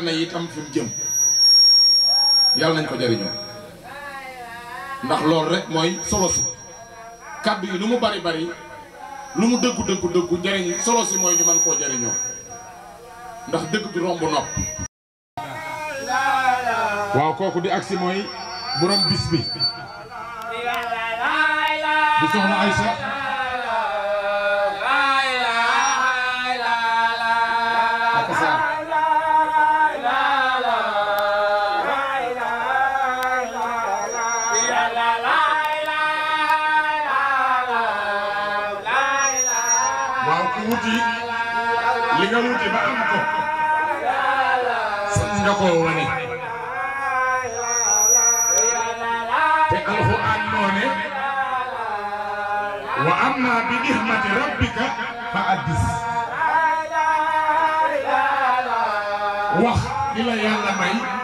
leer na itam fi nañ ko jëriñoo ndax loolu rek mooy solo si kàddu yi lu mu bari bari lu mu dëggu dëggu dëggu jëriñ solo si mooy ñu mën koo jëriñoo ndax dëgg bi romb nopp waaw kooku di agsi mooy borom bis bi بنعمة ربك فحدث wax li la yàlla may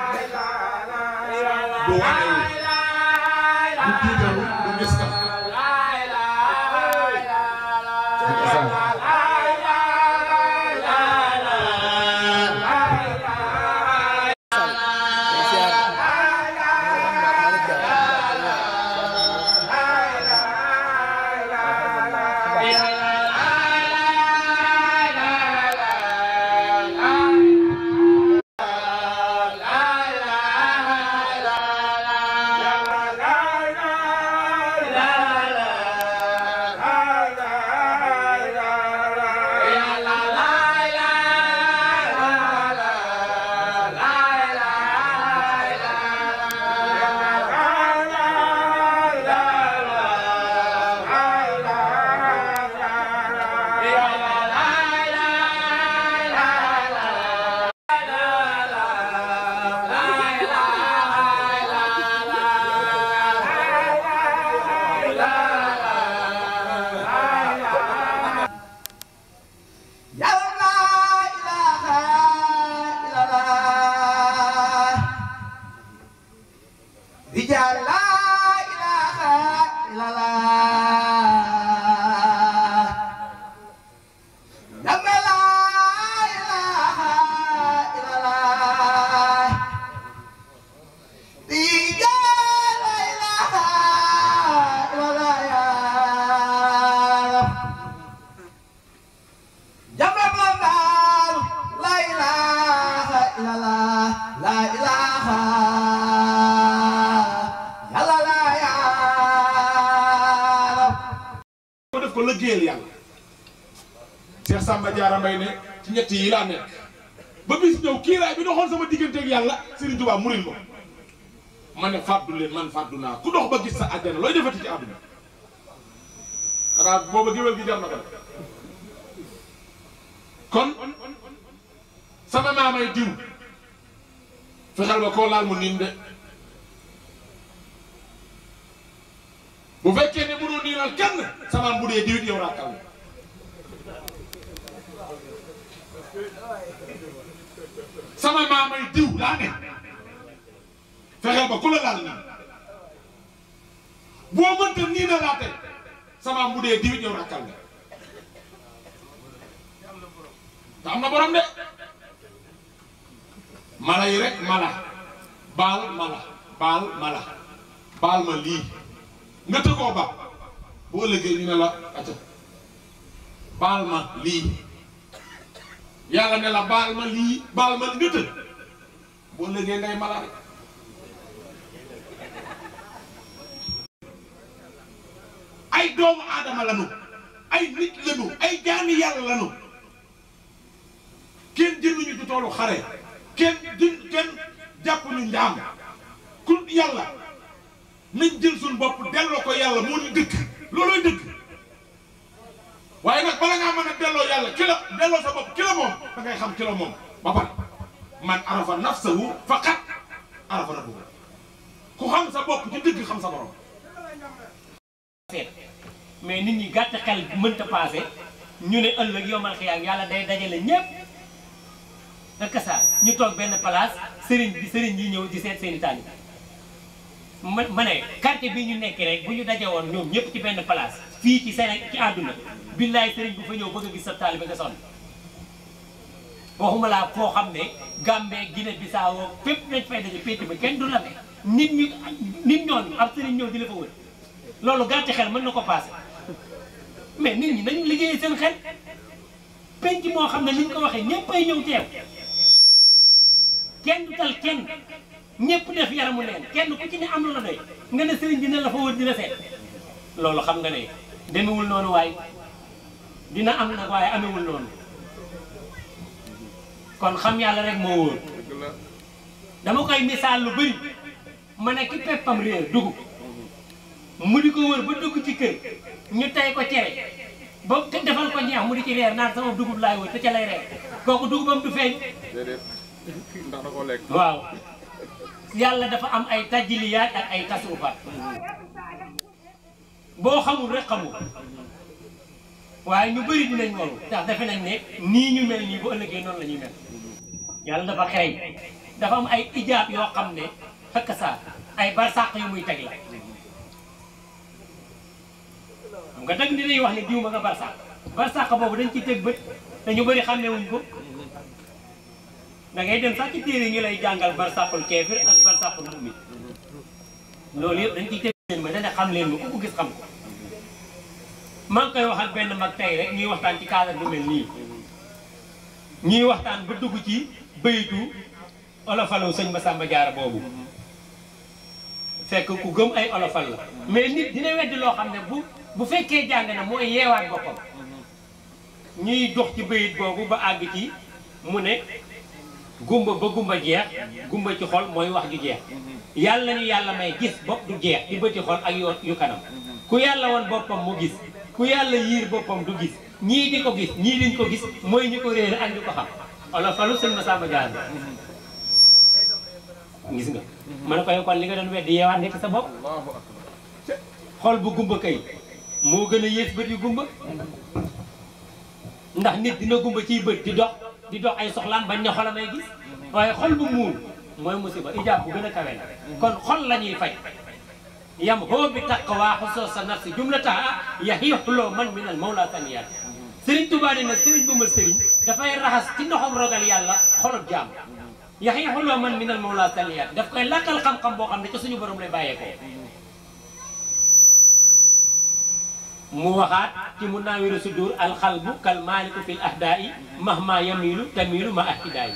kii laa nekk ba bis ñëw kiiraay bi doxoon sama digganteeg yàlla Serigne Touba muril ma ma ne fàddu leen man fàddu naa ku dox ba gis sa àjjana looy defati ci àdduna xanaa booba géwél gi jar na ko kon sama maamay diw fexeel ba koo laal mu niin de bu fekkee ne mënoo niinal kenn sama bu dee diwit yow rakkal sama maamay diw laa ne fexeel ba ku laal nii boo mënta nii na laa teg sama mu dee diwit yow rakkal nga na borom de mala yi mala baal mala baal ma lii nga tëggoo ba bu ëllëgee ñu la acca baal ma lii yàlla ne la baal ma lii baal ma li nga tëdd boo lëgee ngay malaat ay doomu aadama lanu ay nit lanu ay jaami yàlla lanu kenn jëluñu ci toolu xare kenn du kenn jàppuñu njaam ku yàlla nañ jël suñu bopp delloo ko yàlla moo ñu dëkk loolooy dëkk waaye nag bala ngaa mën a delloo yàlla ki la delloo sa bopp ki moom da xam ki moom ba pare man arafa nafsahu faqat arafa rabbuhu ku xam sa bopp ci dëgg xam sa borom. mais nit ñi gàtt xel mënta passé ñu ne ëllëg yomal xiyaam yàlla day dajale ñépp naka saa ñu toog benn place sëriñ bi sëriñ yi ñëw di seet seen i ma ma ne quartier bii ñu nekkee rek bu ñu dajee woon ñoom ñëpp ci benn place fii ci Sénégal ci àdduna billaay sëriñ bu fa ñëw ba a gis sa taalibe nga sonn waxuma laa foo xam ne Gambie Guinée Bissau fépp nañ fay daje pénc ba kenn du la ne nit ñi nit ñooñu ab sëriñ ñëw di fa wër loolu gàtt xel mën na ko passé mais nit ñi nañu liggéeyee seen xel pénc moo xam ne li ñu ko waxee ñëppay ñëw teew kenn du tal kenn ñëpp def yaramu neen kenn ku ci ne am lu la doy nga ne sëriñ bi ne la fa wër di la loolu xam nga ne demewul noonu waaye dina am nag waaye amewul noonu kon xam yàlla rek moo wóor dama koy misaal lu bëri ma ne ki peppam réer dugub mu di ko wër ba dugg ci kër ñu tey ko cere ba te defal ko ñeex mu di ci reer naan sama dugub laay wër te ca lay reer kooku dugubam du feeñ. waaw. yàlla dafa am ay tajiliyaat ak ay tasrufaat boo xamul rek xamul waaye ñu bëri dinañ waru ndax defe nañ ne nii ñu mel nii bu ëllëgee noonu la ñuy mel yàlla dafa xereñ dafa am ay ijaab yoo xam ne fekk saa ay barsàq yu muy teg la xam nga dag dinañ wax ne diw ma nga barsàq barsàq boobu dañ ci teg bët dañu bëri xàmmewuñ ko da ngay dem sax téere ñu lay jàngal barsàqul keefir ak sàpp na loolu yëpp dañ ciy teg leen ma dana xam leen ma ku ko gis xam ko maa ngi koy wax ak benn mag tey rek ñuy waxtaan ci cadre bu mel nii ñuy waxtaan ba dugg ci bayitu olofalaw sëñ sàmba Diarra boobu fekk ku gëm ay olofal la mais nit dina weddi loo xam ne bu bu fekkee jàng na mooy yeewaat boppam ñuy dox ci bayit boobu ba àgg ci mu ne gumba ba gumba jeex gumba ci xol mooy wax ju jeex yàlla ñu yàlla may gis bopp du jeex di bëti xol ak yu kanam ku yàlla woon boppam mu gis ku yàlla yiir boppam du gis ñii di ko gis ñii liñ ko gis mooy ñi ko réer ak ñu ko xam alors falu sëñ Masamba Diagne nga mën a li nga doon weddi yeewaat nekk sa bopp xol bu gumba kay moo gën a yées bët yu gumba ndax nit dina gumba ciy bët di dox di dox ay soxlaam bañ ne xolam ay gis waaye xol bu muul mooy musiba ijaab bu gën a kawe la kon xol la ñuy faj yam hoo bi taqwa xusoo sa nafsi jumlataha yahiixuloo man min al mawla saniyaat sëriñ Tuubaa ne nag sëriñ bu ma sëriñ dafay raxas ci ndoxam rogal yàlla xolub jaam yahiixuloo man min al mawla saniyaat daf koy làkkal xam-xam boo xam ne ci suñu borom lay bàyyeekoo mu waxaat ci mu naawiru sudur alxalbu kal fil ahdaai mahma yamilu tamilu ma ahtidaay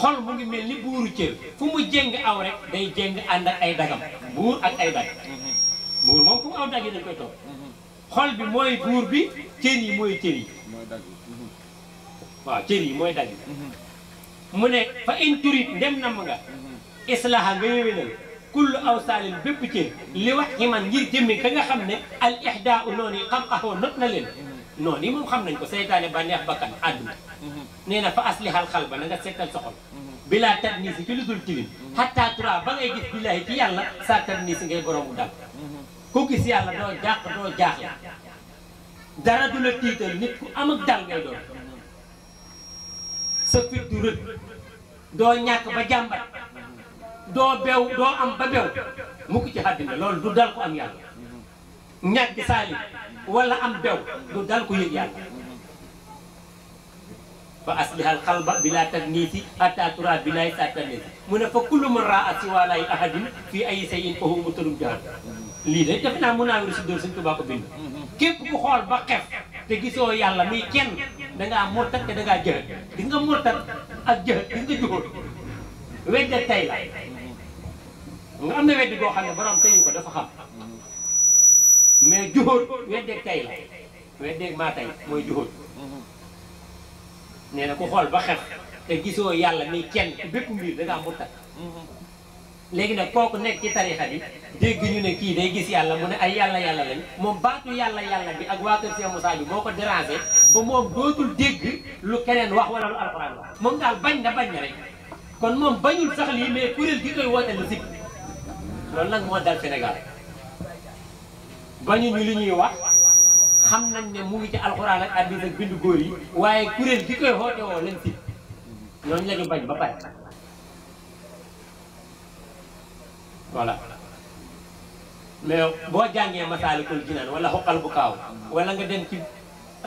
xol mu ngi mel ni buuru cër fu mu jéng aw rek day jéng ànd ak ay dagam buur ak ay dag buur moom fu mu aw dag yi dañ koy toog xol bi mooy buur bi cër yi mooy cër yi waaw cër yi mooy dag yi mu ne fa in ndem namm nga islaha nga yéwénal kullu awsaalin bépp cër li wax ci man ngir jëmmi ka nga xam ne al ihdaau noonu yi xam axoo not na leen noonu yi xam nañ ko seytaane ba neex bakkan àdduna mhm. ne na fa aslihal xal ba na nga seetal sa xol mhm. bilaa tarniisi ci lu dul tilim mhm. xatta tura ba ngay gis billaahi ci yàlla saa tarniisi ngay boroomu dal ku gis yàlla doo jàq doo jaaxle dara du la tiital nit ku am dal ngay doon sa fit du rëdd doo ñàkk ba jàmbat doo bew doo am ba bew mukk ci àddina loolu du dal ko am yàlla ñàkk saalim wala am bew du dal ko yëg yàlla fa aslihal xalba bi laa tagniisi hatta tura bi laay sa tagniisi mu ne fa kullu man raa si walaay ahadin fii ay sayin fa huwa mutalum jahannam lii de def naa mun naa wér si dóor suñ tubaab bind képp ku xool ba xef te gisoo yàlla muy kenn dangaa murtat te dangaa jëhët di nga ak jëhët di juhóot wedda tay la nga am na weddi boo xam ne borom tëyu ko dafa xam mais juhóor weddeeg tay la weddeeg maa tay mooy juhóor nee na ku xool ba xef te gisoo yàlla ni kenn bépp mbir da ngaa murtat léegi nag kooku nekk ci tarixa bi dégg ñu ne kii day gis yàlla mu ne ay yàlla yàlla lañ moom baatu yàlla yàlla bi ak waa kër Cheikh bi moo ko dérangé ba moom dootul dégg lu keneen wax wala lu alxuraan wax moom daal bañ na bañ na rek kon moom bañul sax lii mais kuréel gi koy woote la sikk loolu nag moo dal Sénégal bañu ñu li ñuy wax xam nañ ne mu ngi ci alxuraan ak hadiis ak bindu góor yi waaye kuréel gi koy xoote woo leen si ñooñu la ñu bañ ba pare voilà mais boo jàngee masaalikul jinaan wala xoqal bu wala nga dem ci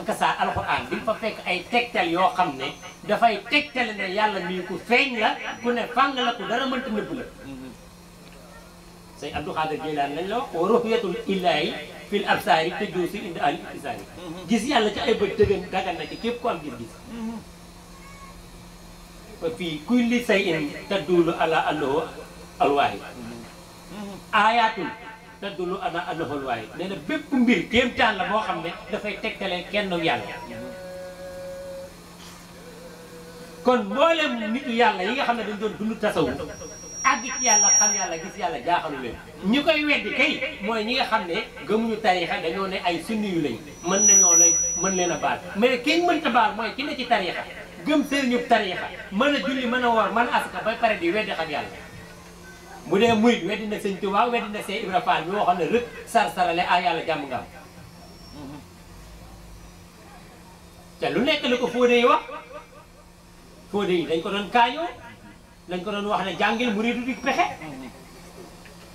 kasaa alxuraan di fa fekk ay tegtal yoo xam ne dafay tegtale ne yàlla mii ku feeñ la ku ne fàng la ku dara mënta nëbb la sëñ Abdou Khadir Jeylaan lañ la wax wa ruhyatul ilaahi fil absaari te joosi indi al ibtisaari mhm. gis yàlla ci ay bët dëggan dagan na ci képp ku am gis-gis mhm. fii kulli shay'in tadullu ala annahu alwaahid mhm. aayaatun tadullu ala annahu alwaahid nee na bépp mbir kéemtaan la boo xam ne dafay tegtale kenn yàlla kon mboolem nitu yàlla yi nga xam ne dañ doon dund tasawuf àgg ci yàlla xam yàlla gis yàlla jaaxalu leen ñi koy weddi kay mooy ñi nga xam ne gëmuñu tariixa dañoo ne ay sunni yu lañ mën nañoo lay mën leen a baal mais kenn mënta baal mooy ki ne ci tariixa gëm sëriñub tariixa mën a julli mën a woor man aska ba pare di weddi xam yàlla bu dee muy weddi na sëñ Tuubaa weddi na sëñ Ibra Faal bi waxoon ne rëpp sar sarale yàlla jàmm nga te lu nekk la ko fóode yi wax fóode yi dañ ko doon kaayoo dañ ko doon wax ne jàngil mu réedu di pexe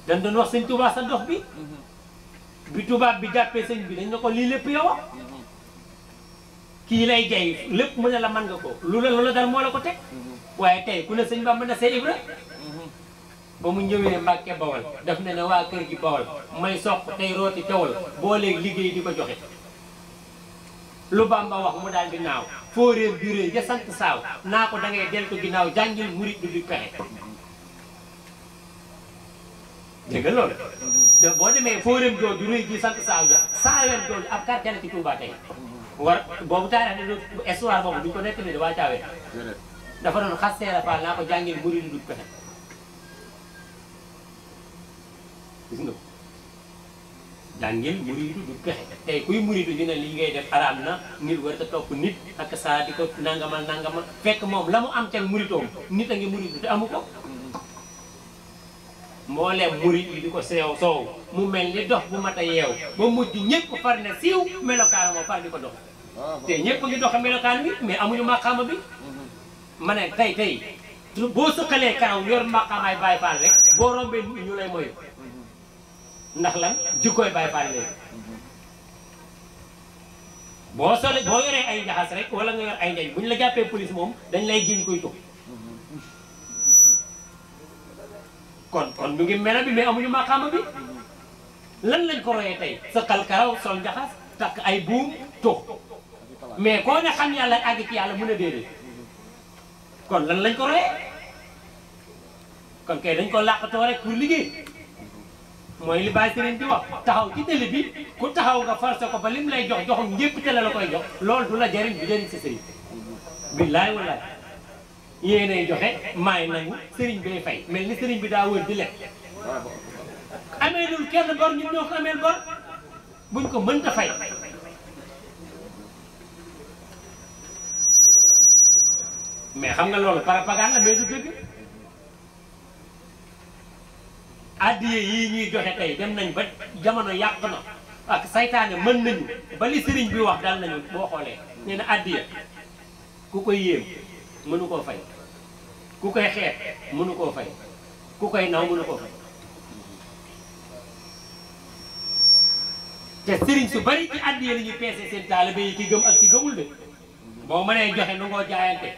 dañ doon wax sëñ Touba sa dox bi bi tubaab bi jàppee sëñ bi dañ ne ko lii lépp yow a kii lay jay lépp mu na la mën nga ko lu la lu la dal moo la ko teg waaye tey ku ne sëñ Bamba na see Ibra ba mu ñëwee Mbàkke Bawol daf ne ne waa kër gi Bawol may soq tey rooti tewal boo léegi liggéey di ko joxe lu Bamba wax mu daal di naaw foo réer sant saaw naa ko da ngay deltu ginnaaw jàngil murit du di pexe dégg nga loolu de boo demee foo réer doo du réer ji sant saaw ja saaweel dooju ab quartier la ci Touba tey ko nettali de waa caawee dafa doon xas seera jàngil murit du di pexe daan ngeen muridu du pexe tey kuy muridu ñu ne ngay def xaraam na nit war a topp nit ak saa di ko nangamal nangamal fekk moom la mu am ca muritoom nit a ngi muridu te amu ko mbooleem murit di ko sew soow mu mel ni dox bu mat a yeew ba mujj ñëpp far ne siiw melokaan moo far di ko dox te ñëpp ngi doxe melokaan bi mais amuñu maqaama bi ma ne tey tey boo sëqalee karaw yor maqaamaay Baay Faal rek boo rombee ñu lay moyu ndax lan jikkooy Baay Faal léegi boo sole boo yoree ay njaxas rek wala nga yor ay njañ bu ñu la jàppee police moom dañ lay giñ koy tux kon kon ñu ngi mela bi mais amuñu maqaama bi lan lañ ko royee tey sëqal karaw sol njaxas takk ay buum tux mais koo ne xam yàlla àgg ci yàlla mën a déedéet kon lan lañ ko royee kon kay dañ ko làqatoo rek pour liggéey mooy li bàyyi sëriñ bi wax taxaw ci télé bi ku taxaw nga forcé ko ba lim lay jox joxum ñëpp te la koy jox loolu du la jariñ du jariñ sa sëriñ billaay wallaay yéenay joxe sëriñ bi fay mel ni sëriñ bi daa wër di lekk amee lul kenn bor ñun ñoo ko ameel buñ ko mënta fay mais xam nga loolu propagande la mais du dëgg addiye yi ñuy joxe tey dem nañ ba jamono yàq na ak seytaane mën nañu ba li sëriñ bi wax dal nañu boo xoolee nee na addiye ku koy yéem mënu koo fay ku koy xeet mënu koo fay ku koy naw mënu koo fay te sëriñ su bari ci addiye la ñuy peese seen taalibe yi ci gëm ak ci gëmul de boo mënee joxe nu ngoo jaayante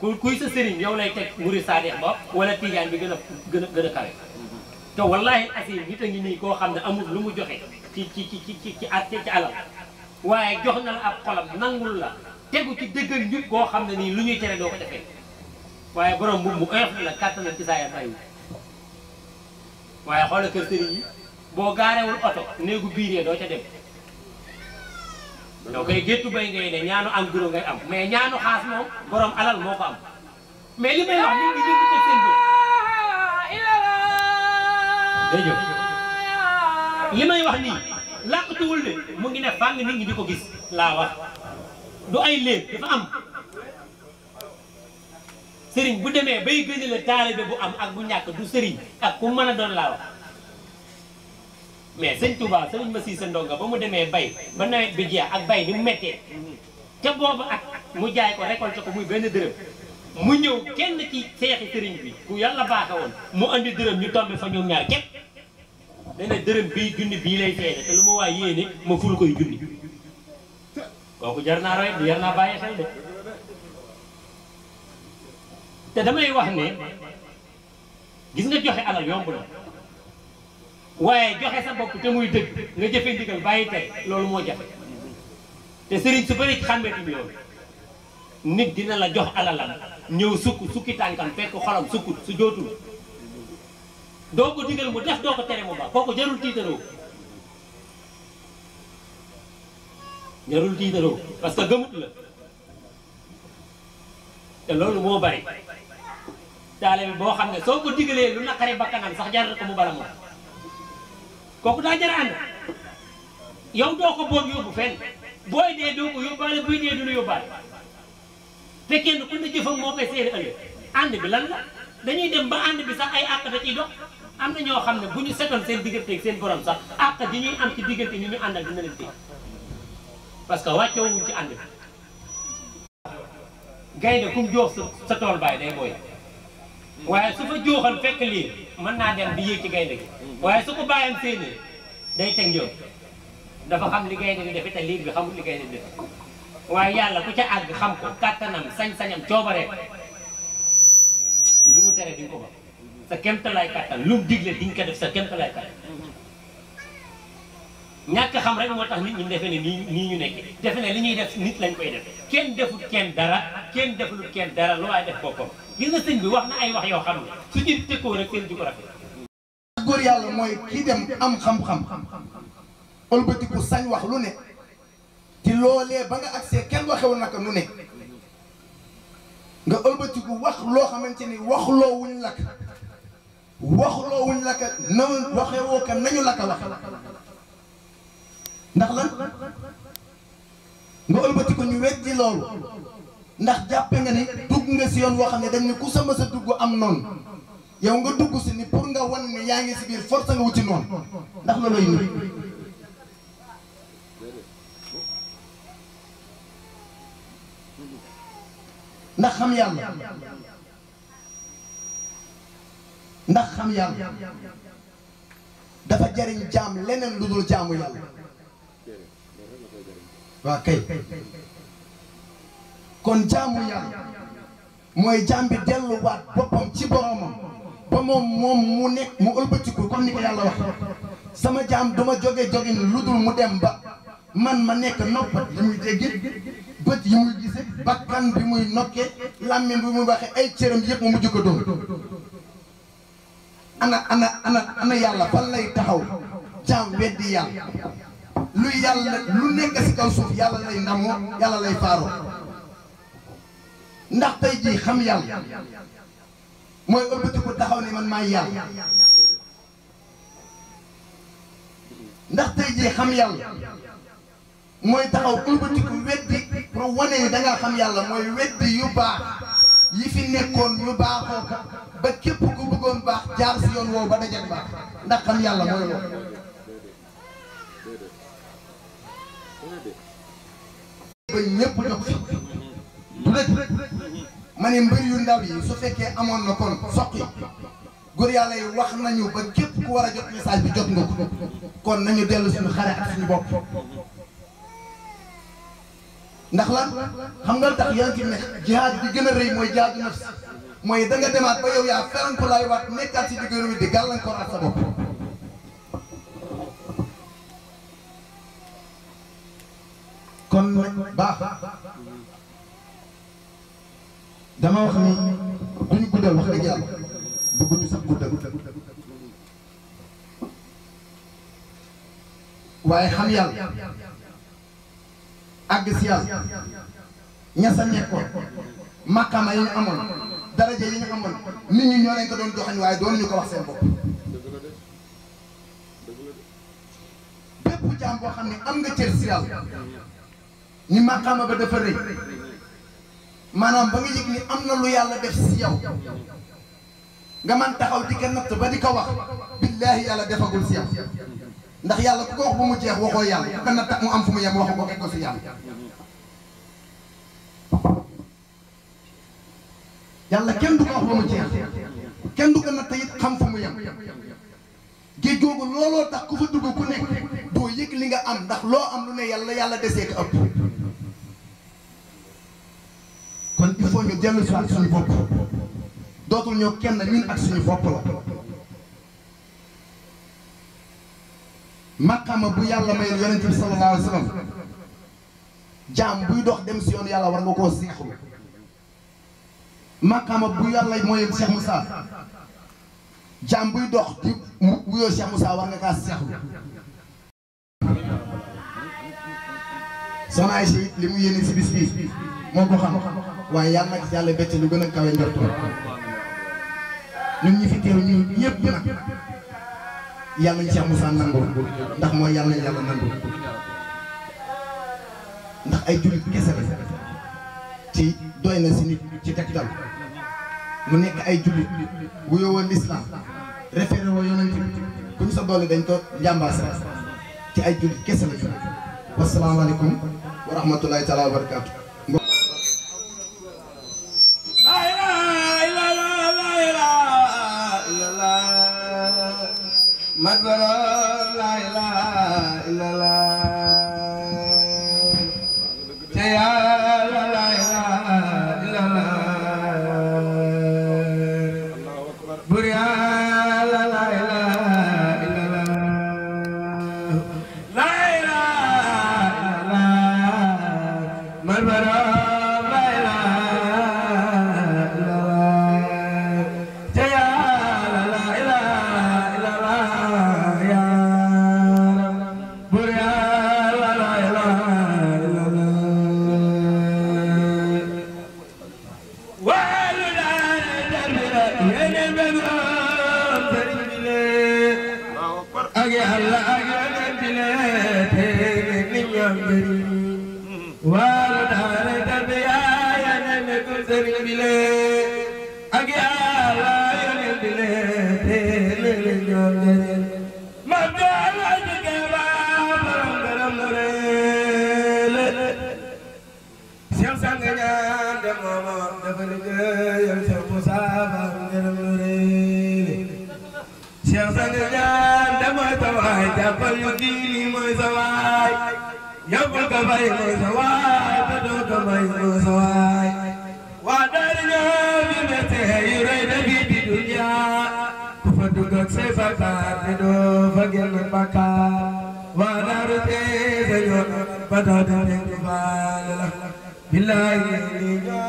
ku kuy sa sëriñ yow lay teg muri saadeex ba wala tijaan bi gën a gën a gën a kawe te wallaahi asi nit a nii koo xam ne amul lu mu joxe ci ci ci ci ci ci alal waaye jox na la ab xolam nangul la tegu ci dëggal njub koo xam ne nii lu ñuy tere doo ko defee waaye borom bu mu oyof la kàttanal ci saa yaay waaye xoola kër sëriñ yi boo gaarewul oto néegu biiree doo ca dem doo koy géttu bay ngay ne ñaanu am guro ngay am mais ñaanu xaas moom borom alal moo ko am mais li may wax nit ñi dégg seen day li may wax nii làqatuwul de mu ngi ne fàng nit ñi di ko gis laa wax du ay léeg dafa am sëriñ bu demee bay gën la taalibe bu am ak bu ñàkk du sëriñ ak ku mën a doon laa wax mais sëñ Touba sëriñ ma sii sa ndonga ba mu demee bay ba nawet bi jeex ak bay ni mu méttee ca boobu ak mu jaay ko récolte ko muy benn dërëm mu ñëw kenn ci seexi sëriñ bi ku yàlla baaxe woon mu andi dërëm ñu tombe fa ñoom ñaar képp dana dërëm bii junni bii lay seexi te lu ma waay yéene ma ful koy junni kooku jar naa roy jar naa bàyyi xel de te damay wax ne gis nga joxe alal yomb na waaye joxe sa bopp te muy dëgg nga jëfe ndigal bàyyi tey loolu moo jafe te sëriñ su bëri xàmmeetuñu loolu nit dina la jox alalam ñëw sukk sukki tànkam fekk xolam sukkut su jootul doo ko digal mu def doo ko tere mu ba kooku jarul tiitaroo jarul tiitaroo parce que gëmut la te loolu moo bari taalibe boo xam ne soo ko digalee lu naqare bakkanam sax jaral ko mu bala moom kooku daa jar yow doo ko boobu yóbbu fenn booy dee doo ko yóbbaale buy dee du la yóbbaale te kenn ku ne jëfam moo koy seede ëllëg ànd bi lan la dañuy dem ba ànd bi sax ay àq da ciy dox am na ñoo xam ne bu ñu setoon seen digganteeg seen borom sax àq di ñuy am ci diggante ñu ñu àndal dina leen téye parce que wàccoo ci ànd bi. gaynde kum joox sa tool baay day booy waaye su fa jooxal fekk lii mën naa dem di yéeg ci gaynde gi waaye su ko bàyyam séenee day teg ñëw dafa xam li gaynde gi defe te liir bi xamul li gaynde bi defe waaye yàlla ku ca àgg xam ko kàttanam sañ-sañam coobare lu mu tere di ko ba sa kéemtalaay kàttan lu mu digle di ko def sa kéemtalaay kàttan ñàkk xam rek moo tax nit ñi defe ne nii nii ñu nekkee defe ne li ñuy def nit lañ koy def kenn deful kenn dara kenn deful kenn dara lu waaye def boppam gis nga sëñ bi wax na ay wax yoo xam ne su ñu tëkkoo rek seen di ko góor yàlla mooy kii dem am xam-xam ëlbatiku sañ wax lu ne ci loolee ba nga agsee kenn waxewul naka nu ne nga ëlbatiku wax loo xamante ni waxloo wuñ lakk waxloo wuñ lakk na waxewoo ka nañu lakk wax ndax lan nga ëlbatiku ñu weddi loolu ndax jàppe nga ni dugg nga si yoon woo xam ne dañ ne ku sama sa dugg am noonu yow nga dugg si ni pour nga wan ne yaa ngi si biir force nga wuti noonu ndax loolu yi ndax xam yàlla ndax xam yàlla dafa jariñ jaam leneen lu dul jaamu yàlla waa kay kon jaamu yàlla mooy jaam bi delluwaat boppam ci boromam ba moom moom mu nekk mu ëlbatiku comme ni ko yàlla wax sama jaam duma jóge jógin lu dul mu dem ba man ma nekk noppa li muy dégg bët yi muy gise bakkan bi muy nokke làmmiñ bi muy waxee ay cëram yëpp mu mujj ko dóor ana ana ana ana yàlla fan lay taxaw jaam weddi yàlla lu yàlla lu nekk si kaw suuf yàlla lay ndamoo yàlla lay faaroo ndax tey jii xam yàlla mooy ëbbati ko taxaw ne man maay yàlla ndax tey jii xam yàlla mooy taxaw ëlbatiku weddi pour wane ni da xam yàlla mooy weddi yu baax yi fi nekkoon yu baaxoo ba képp ku bëggoon baax jaar si yoon woo ba dajal baax ndax xam yàlla mooy loolu. ba ñëpp jox du ma ne mbir yu ndaw yi su fekkee amoon na kon soqi góor yàlla yi wax nañu ba képp ku war a jot message bi jot nga ko kon nañu dellu suñu xare ak suñu bopp. ndax lan xam nga tax yaa ngi nekk jihaad bi gën a rëy mooy jihaadu nafs mooy da nga demaat ba yow yaa ferankulaay waat nekkaat si digg bi di gàllankoor ak sa kon baax dama wax ni duñu guddal wax dëgg yàlla bëgguñu sax guddal waaye xam àgg si yàlla ña sa nekkoon maqaama yi ñu amoon daraja yi ñu amoon nit ñi ñoo leen ko doon joxañ waaye doon ñu ko wax seen bopp bépp jaam boo xam ne am nga cër si ni maqaama ba dafa rëy maanaam ba nga yëg ni am na lu yàlla def si yow nga man taxaw di ko natt ba di ko wax billaahi yàlla defagul si yow ndax yàlla ku ko wax ba mu jeex waxoo yàlla ku ko natt mu am fu mu yem waxu ko teg ko fi yàlla yàlla kenn du ko wax ba mu jeex kenn du ko natt it xam fu mu yem géej googu looloo tax ku fa dugg ku nekk doo yëg li nga am ndax loo am lu ne yàlla yàlla desee ko ëpp kon il faut ñu dellu si suñu bopp dootul ñoo kenn ñun ak suñu bopp la maqama bu yàlla mayal yonent bi sallallahu alayhi buy dox dem si yoon yàlla war nga koo seexlu bu yàlla mooyal Cheikh Moussa jaam buy dox di mu wuyoo Cheikh Moussa war mu yéene si bis bii moo ko xam waaye yàlla nag yàlla bett lu gën a kawe njortu ñun fi teew ñu ñëpp yàlla nañ Cheikh Moussa nangul ndax moo yàlla nañ yàlla nangul ndax ay jullit kese la ci doy na si nit ci tegtal mu nekk ay jullit wuyoo woon lislaam référé woo yonent kuñ sa doole dañ ko njàmbaase ci ay jullit kese la fi wasalaamaaleykum wa rahmatulahi taala wa مكبر لا إله إلا الله dugal say bakkaar te doo fa génn bakkaar waa daaru tey sa yoon ba tax de tey ñu baal la billaay ni ñoo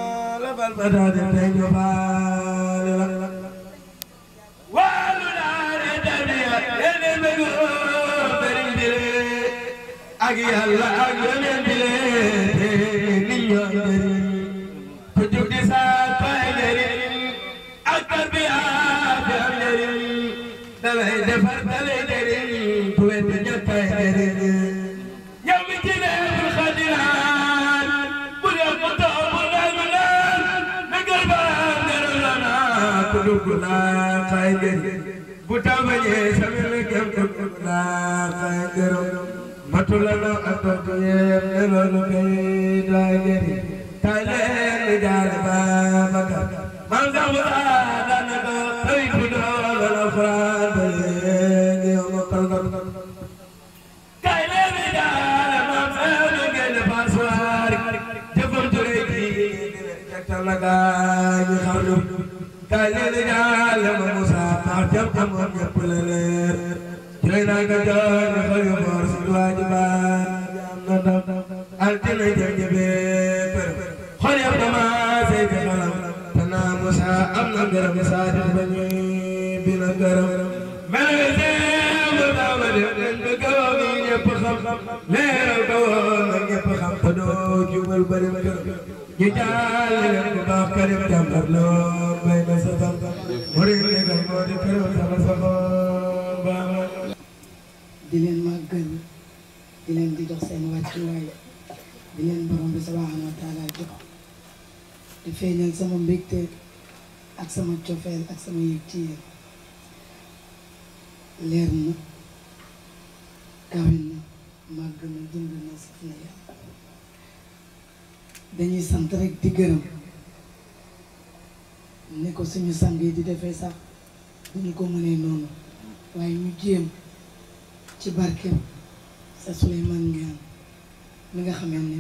la bal ba tax de tey ñu baal la waa lu naa ne dabiya leneen bëgg bëri ak yàlla ak yoneen gërëm matulana atotiyem neloonu kay daa jëri kay leen di jaare Babacar man sax mu daanaka ay bu doon la Alxuraan ba yéen yow ma kal ko kay leen di jaare ma feeñu génn passoir jëfam jure kii tegtal na gaa ñu xam ñu kay leen di jaare ma Moussa Mar jëm amoon ñëpp la leer minaka jan xayu mor si waaji ba altina jajabe për xone dama sey fi xalam tana musa am na garam saati bañu bina garam melaga seemu daama def nen ba gawa mi ñepp xam leeral ko woon na ñepp xam te doo jubal barim garam ñu jaal leen ko baax karim jàmbar loo bay na sa tam murid ne gay moo di këram sama saxoo di leen màggal di leen di jox seen wàccuwaay di leen borom bi subhaanahu wa taala jox di feeñal sama mbégte ak sama cofeel ak sama yëg ci yéen leer na kawe na màgg na jënd na sax na dañuy sant rekk di gërëm ne ko suñu sang di defee sax bu ko mënee noonu waaye ñu jéem ci barkeem sa Souleymane Niang mi nga xamee ne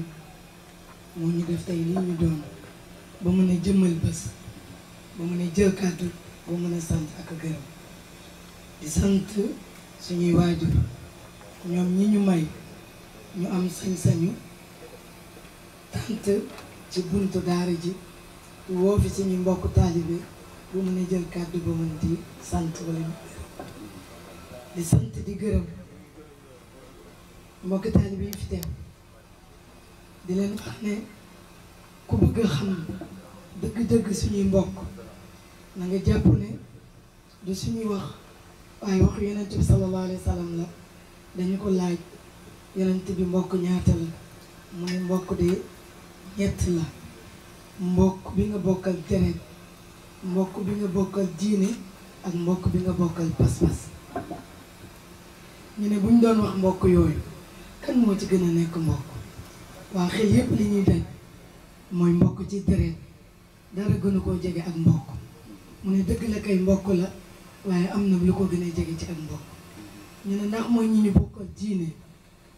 moo ñu def tey lii ñu doon ba mën ne jëmmal bés ba mën ne jël kàddu ba mën a sant ak gërëm di sant suñuy waajur ñoom ñi ñu may ñu am sañ-sañu tant ci buntu daara ji woo fi suñu mbokk taalibe bu mën a jël kàddu ba mën di sant wala di sant di gërëm mbokki taalibe yi fi teew di leen wax ne ku bëgg xam dëgg-dëgg suñuy mbokk na nga jàpp ne du suñuy wax waaye wax yonent bi sallallahu alayhi la dañu ko laaj yonent bi mbokk ñaata la mu ne mbokk de ñett la mbokk bi nga bokkal deret mbokk bi nga bokkal diine ak mbokk bi nga bokkal pas-pas ñu ne buñ doon wax mbokk yooyu kan moo ci gën nekk mbokk waa xel yépp li mooy mbokk ci deret dara koo jege ak mbokk mu ne dëgg la kay mbokk la waaye am na ko gën a jege ci ak mbokk ñu ne ndax mooy ñu bokkal diine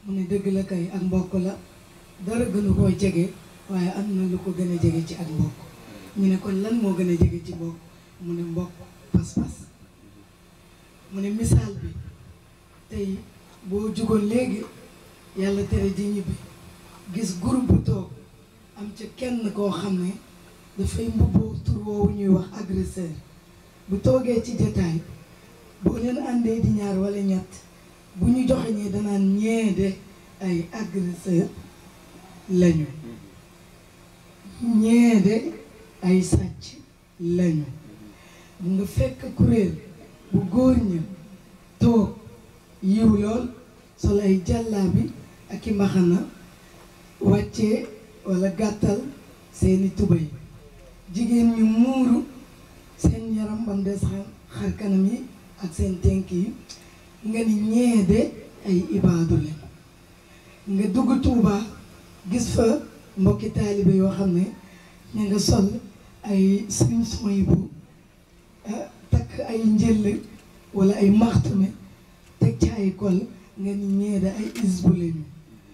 mu ne dëgg la kay ak mbokk la dara gënu jege waaye am na ko gën a jege ci ak ñu ne kon lan moo gën a jege ci mbokk mu ne mbokk pas-pas mu ne misaal bi tey boo jugoon léegi yàlla tere ji ñibbi gis groupe toog am ca kenn koo xam ne dafay mbubboo tur woowu ñuy wax agresseur bu toogee ci jataay boo leen àndee di ñaar wala ñett bu ñu joxe ñee danaan ñeede ay agresseur lañu ñeede ay sàcc lañu nga fekk kuréel bu góor ña toog yiw lool solo ay jàllaa ak i mbaxana wàccee wala gàttal seeni tubay jigéen ñu muuru seen yaram bam des xar kanam yi ak seen tenk yi nga ni ñeede ay ibaadu leen nga dugg Tuuba gis fa mbokki taalibe yoo xam ne ñu nga sol ay sëriñ yi bu ah, takk ay njëll wala ay maxtume teg ci ay kol nga ni ñeede ay isbu lañu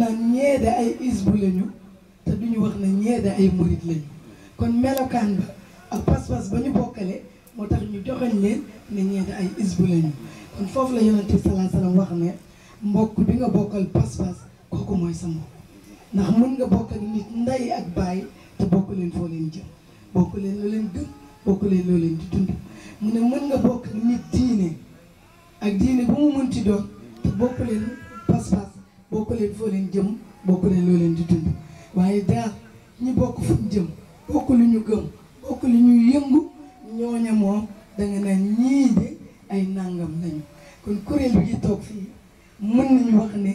naan ñeede ay isbu lañu te duñu wax ne ñeede ay murit lañu kon melokaan ba ak pas-pas moo tax ñu joxañ leen ne ay isbu lañu foofu la yonent bi sallallahu alayhi ne mbokk bi nga bokkal pas-pas kooku mooy sa ndax mën nga bokk ak nit ndey ak baay te bokk leen foo leen jëm bokk leen loo leen gëm di dund mu ne mën nga bokk ak nit diine ak diine bu mu mënti doon te bokk leen pas-pas bokk leen foo leen jëm bokk leen loo leen di dund waaye daal ñu bokk fu ñu jëm bokk lu ñu gëm bokk lu ñu yëngu ñooña moom danga naan ñii de ay nàngam lañu kon kuréel bi toog fii mën nañu wax ne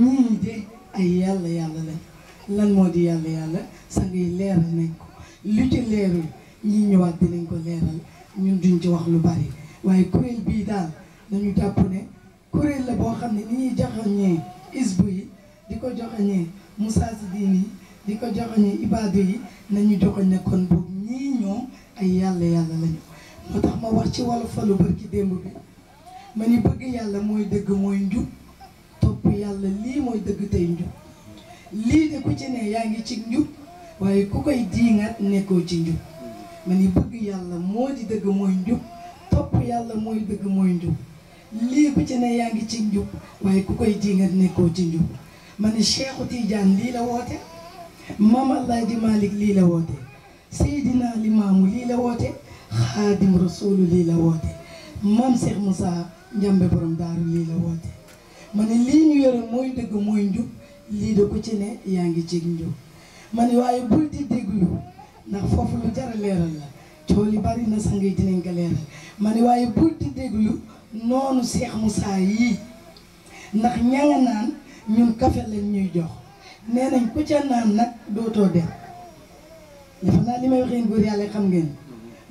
ñii de ay yàlla yàlla lañu lan moo di yàlla yàlla sang yi leeral nañ ko lu ci leerul ñii ñëwaat dinañ ko leeral ñun duñ ci wax lu bari waaye kuréel bii daal nañu jàpp ne kuréel la boo xam ne ni ñuy jaxal ñee isbu yi di ko joxoñee musaasidin yi di ko joxoñee ibaadu yi nañu joxoñ a nekkoon boobu ñii ñoom ay yàlla yàlla lañu moo tax ma wax ci walla falu barki démb bi ma ni bëgg yàlla mooy dëgg mooy njub topp yàlla lii mooy dëgg tey ci yaa ngi ci njub waaye ku koy diingat nekkoo ci njub ma ni bëgg yàlla moo di dëgg mooy njub topp yàlla mooy dëgg mooy njub lii bu ci ne yaa ngi ci njub waaye ku koy dingat nekkoo ci njub ma ne Cheikhu lii la woote Maam Alaaji Malick lii la woote Seydina Limaamu lii la woote Xaadim Rasuulu lii la woote Maam Cheikh Moussa Njambe borom daaru lii la woote ma ne lii ñu yore mooy dëgg mooy njub lii da ku ci ne yaa ngi ci njub ma ne waaye bul di déglu ndax foofu lu jar leeral la cool bari na sangay dinañ leeral ma waaye bul di déglu noonu Cheikh Moussa yii ndax ña naan ñun kafe lañ ñuy jox nee nañ ku ca naan nag dootoo dem dafa naa li may waxee góor yàlla xam ngeen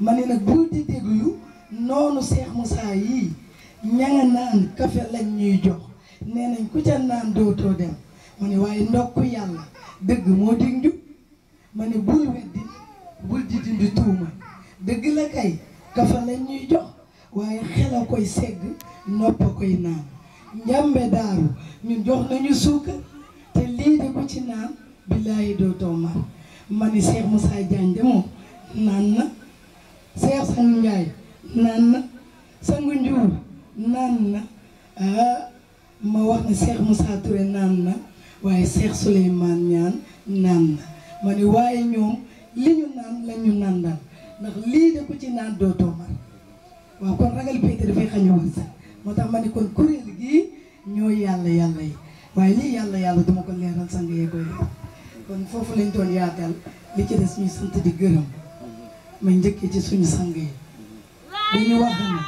ma ne nag bul di déglu noonu Cheikh Moussa yii ña nga naan kafe lañ ñuy jox nee nañ ku ca naan dootoo dem ma ne waaye ndokku yàlla dëgg moo di njub ma ne bul weddi bul di dindi tuuma dëgg la kay kafe lañ jox waaye xel a koy segg nopp koy naan njàmbe daaru ñun jox nañu suukar te lii de ku ci naan billaahi dootoo ma ni Cheikh Moussa Diagne de moom naan na Cheikh Sangu Ndiaye naan na Sangu Ndiour naan na ah, ma wax ne naan na ma ni waaye ñoom li ñu naan la ñu naan ndax lii de ku ci naan dootoo waaw kon ragal péete dafay xañ wërsëg moo tax ma kon kuréel gi ñoo yàlla yàlla yi waaye lii yàlla yàlla duma ko leeral sang yee koy kon foofu lañ doon yaatal li ci des ñuy sant di gërëm ma njëkkee ci suñu sang yi dañu wax ne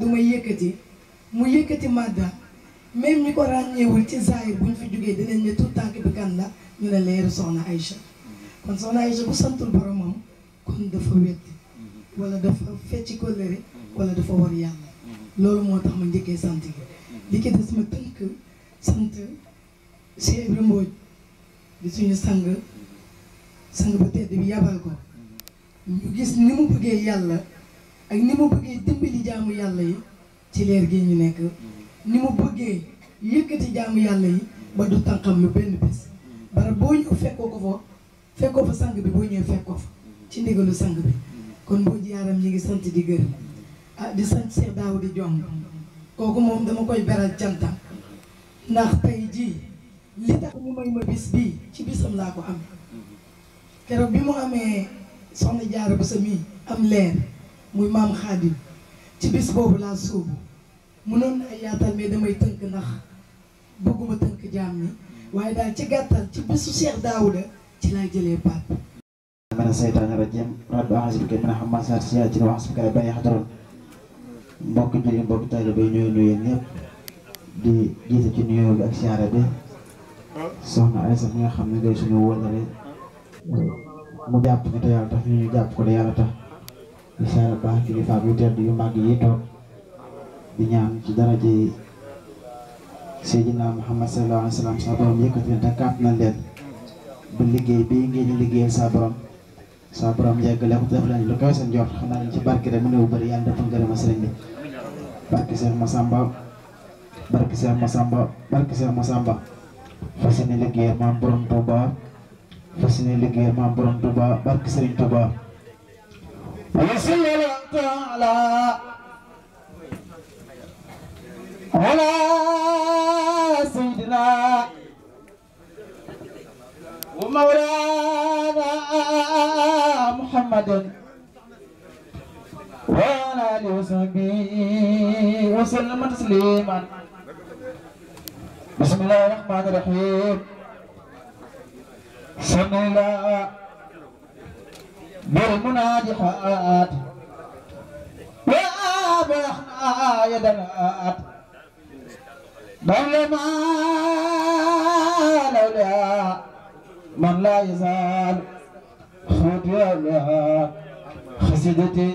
kàddu may yëkkati mu yëkkati madda mais ñu ko ràññeewul ci bu buñ fi jógee dinañ ne tout tànk bi kan la ñu ne leeru soxna Aïcha kon soxna Aïcha bu santul boromam kon dafa wetti wala dafa fecci kóllëre wala dafa war yàlla loolu moo tax ma njëkkee sant gi li ki des ma tënk sant Cheikh Ibrahima Mbodj di suñu sang sang bu tedd bi yabal ko gis ni mu bëggee yàlla ak ni mu bëggee dimbali jàmm yàlla yi ci leer gi ñu nekk ni mu bëggee yëkkati jaamu yàlla yi ba du tànqam lu benn bis bara boo ñëw fekkoo ko fa fekkoo fa sang bi boo ñëw fekkoo fa ci ndigalu sang bi kon boo jaaram ñi ngi sant di gërëm ah di sant Cheikh Daouda Diong kooku moom dama koy beral cantam ndax tey jii li tax mu may ma bis bii ci bisam laa ko am keroog bi mu amee soxna jaara bu sa mii am leer muy maam Xaadim ci bis boobu laa sóobu mënoon na ay yaatal mais damay tënk ndax bëgguma tënk jaam ni waaye daal ci gàttal ci bisu Cheikh Daouda ci laa jëlee baat من الشيطان الرجيم رب أعوذ بك من همزات الشياطين وأعوذ بك رب أن mbokk julli mbokk taalibe yi ñooy nuyu ñëpp di jiite ci nuyoo bi ak siyaare bi soxna Aysa mi nga xam ne day suñu wóllare mu jàpp ne te yàlla tax ñu jàpp ko ne yàlla tax ziar baax kilifaam yu di yu gitu, mag yi toog di ñaan ci dara ci Seydina Muhammad sallallahu alaihi wasallam sa borom yëkkati na te na leen bu liggéey bi ngeen di liggéeyal sa borom sa borom yeggale ko def leen lu kaw seen jox xana lañ ci barke rek mu néew bëri yàlla dafa ngërëma sëriñ bi barke Cheikh Massamba barke ma samba barke Cheikh ma samba yéene liggéeyal ma borom Touba fas yéene ma borom Touba barke Serigne Touba وسيلة تعالى على سيدنا ومولانا محمد وعلى آله وسلم تسليما بسم الله الرحمن الرحيم بسم الله بالمناد حات وآبرحنا يدنات دولة ما لولا من لا يزال خود يولا خسدتي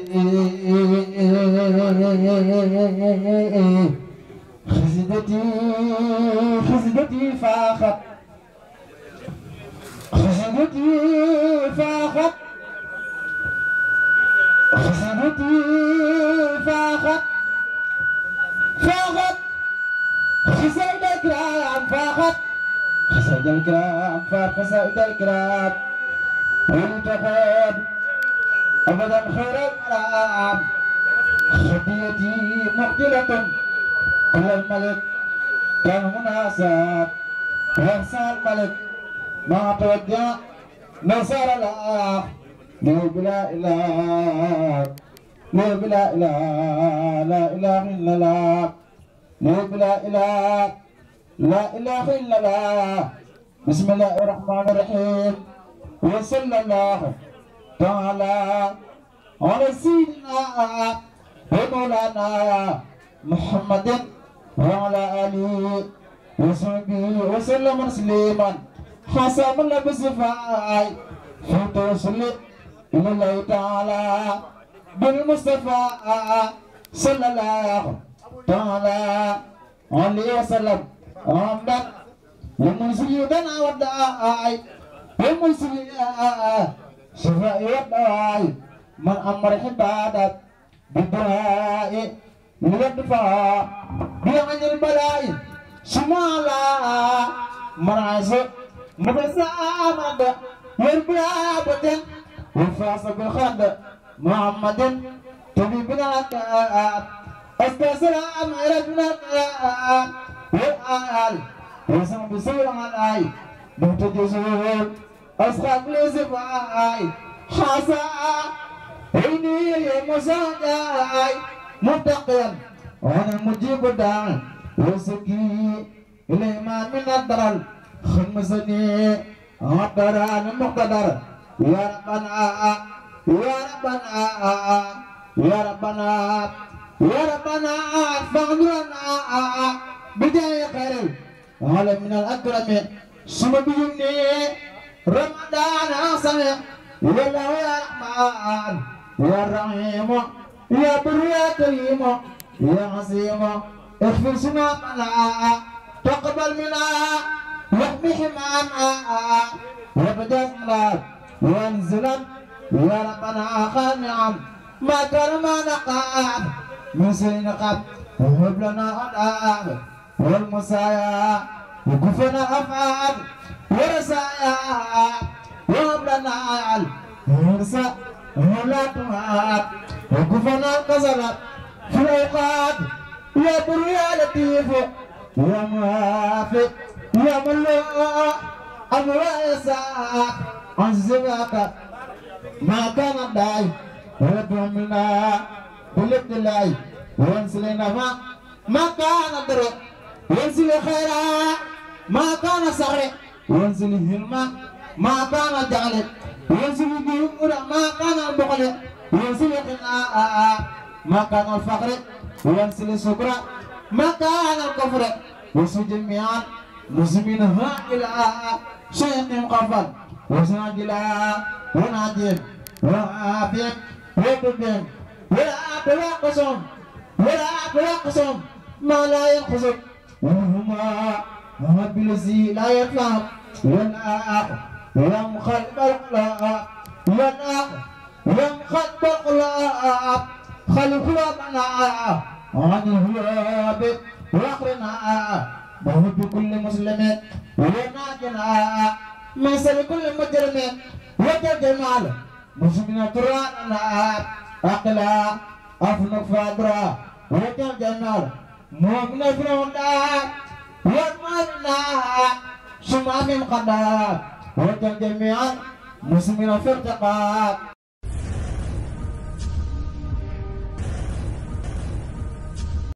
خسدتي خسيدتي فاخت خسيدتي فاخت خصمتي فاخت فاخت خسر الكرام فاخت خسر الكرام فخسر الكرام والتقيت أبدا خير المرام خطيتي مقتلة كل الملك كان مناسب وإحسان الملك ما توجه نصر الله لا إله موب لا لا إله إلا الله لا إله لا إله إلا الله بسم الله الرحمن الرحيم وصلى الله تعالى على سيدنا ومولانا محمد وعلى آله وصحبه وسلم تسليما حسب الله بصفاي فتوصل إلى الله تعالى بالمصطفى صلى الله تعالى عليه وسلم عمدك ومنزل يدنا ودعاء ومنزل شفاء ودعاء من أمر عبادك بالدعاء والدفاع بعن البلاء شمالا مرعز مبسامة يربيا بدن وفاس بالخد محمد طبيبنا استسلام إلى والآل وسم بسير عن آي منتج سهول أسخاك لزف آي حاسا عيني مساعد آي متقيا وأنا مجيب الداعي وسكي إلى ما من الدرل خمسني عبر عن المقتدر يا ربنا يا ربنا يا ربنا يا ربنا فاغفرنا بداية خير هل من الأكرم سمى بيمني رمضان عاصم والله يا رحمن يا رحيم يا بر كريم يا عظيم اغفر سمامنا تقبل منا واحمي حمامنا وابدا وانزلا ورقنا ربنا خانعا نعم. ما كان ما من مسين قد وهب لنا الآب والمسايا وقفنا أفعال ورسايا وهب لنا ورسا ولا تمات وقفنا قزلت في الأوقات يا بريا لطيف يا موافق يا ملوء أمر anzinaka magana dai wadamina bulik hilma muslimin وسنجلا ونادين وعافيك وببين ولا تناقصهم ولا تناقصهم ما لا ينقصك وهما هما بالذي لا يطلع والآخ لم خلق القلاء والآخ لم خلق القلاء خلق لنا عن الهوابط وأخرنا وهو بكل مسلم وناجنا من كل مجرم وتجمال مسلمين ترى أقلا أفنك فادرا وتجمال مؤمن فروندا ومالنا سمام قدا وتجمعان مسلمين فرتقا